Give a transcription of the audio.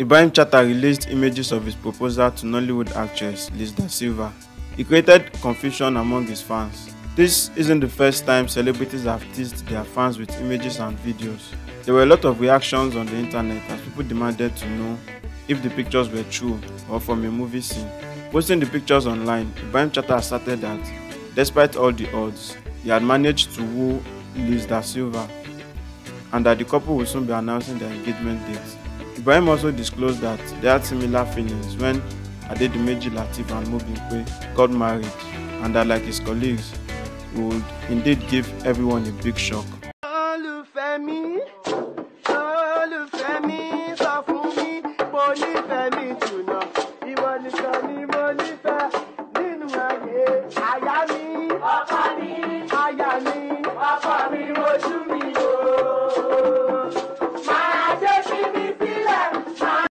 Ibrahim Chatta released images of his proposal to Nollywood actress Liz Da Silva. He created confusion among his fans. This isn't the first time celebrities have teased their fans with images and videos. There were a lot of reactions on the internet as people demanded to know if the pictures were true or from a movie scene. Posting the pictures online, Ibrahim Chatta asserted that, despite all the odds, he had managed to woo Liz Da Silva and that the couple will soon be announcing their engagement date. Ibrahim also disclosed that they had similar feelings when Adedumeji Lateef and Mobimpe got married and that like his colleagues, would indeed give everyone a big shock. Olufemi